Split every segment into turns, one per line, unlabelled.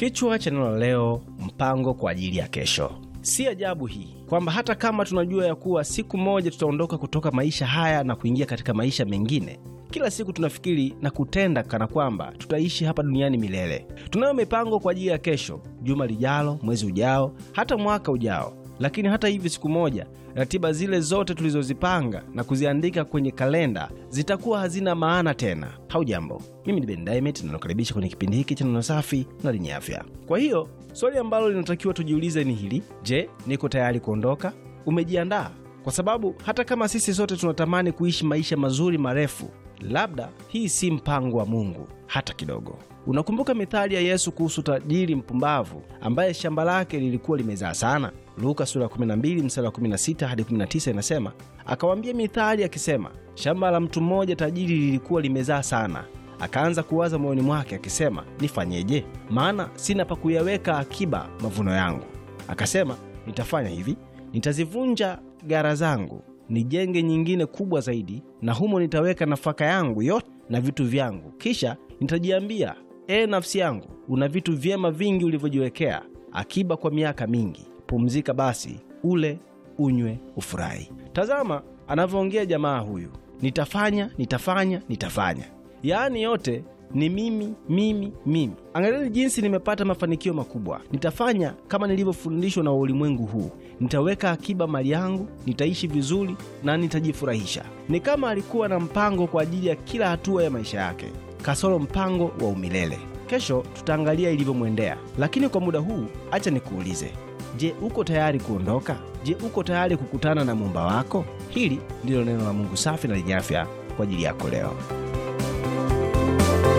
Kichwa cha neno la leo, mpango kwa ajili ya kesho. Si ajabu hii kwamba hata kama tunajua ya kuwa siku moja tutaondoka kutoka maisha haya na kuingia katika maisha mengine, kila siku tunafikiri na kutenda kana kwamba tutaishi hapa duniani milele. Tunayo mipango kwa ajili ya kesho, juma lijalo, mwezi ujao, hata mwaka ujao. Lakini hata hivi, siku moja ratiba zile zote tulizozipanga na kuziandika kwenye kalenda zitakuwa hazina maana tena. Haujambo, mimi ni Ben Diamond nalokaribisha kwenye kipindi hiki cha neno safi na lenye afya. Kwa hiyo swali ambalo linatakiwa tujiulize ni hili: je, niko tayari kuondoka? Umejiandaa? Kwa sababu hata kama sisi sote tunatamani kuishi maisha mazuri marefu labda hii si mpango wa Mungu hata kidogo. Unakumbuka mithali ya Yesu kuhusu tajiri mpumbavu ambaye shamba lake lilikuwa limezaa sana? Luka sura 12 mstari wa 16 hadi 19 inasema, akawaambia mithali akisema, shamba la mtu mmoja tajiri lilikuwa limezaa sana, akaanza kuwaza moyoni mwake akisema, nifanyeje? Maana sina pa kuyaweka akiba mavuno yangu. Akasema, nitafanya hivi, nitazivunja gara zangu nijenge nyingine kubwa zaidi, na humo nitaweka nafaka yangu yote na vitu vyangu. Kisha nitajiambia, e, nafsi yangu, una vitu vyema vingi ulivyojiwekea akiba kwa miaka mingi, pumzika basi, ule, unywe, ufurahi. Tazama anavyoongea jamaa huyu, nitafanya, nitafanya, nitafanya, yaani yote ni mimi, mimi, mimi. Angalieni jinsi nimepata mafanikio makubwa. Nitafanya kama nilivyofundishwa na ulimwengu huu, nitaweka akiba mali yangu, nitaishi vizuri na nitajifurahisha. Ni kama alikuwa na mpango kwa ajili ya kila hatua ya maisha yake, kasoro mpango wa umilele. Kesho tutaangalia ilivyomwendea, lakini kwa muda huu, acha nikuulize, je, uko tayari kuondoka? Je, uko tayari kukutana na muumba wako? Hili ndilo neno la Mungu safi na lenye afya kwa ajili yako leo.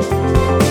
you.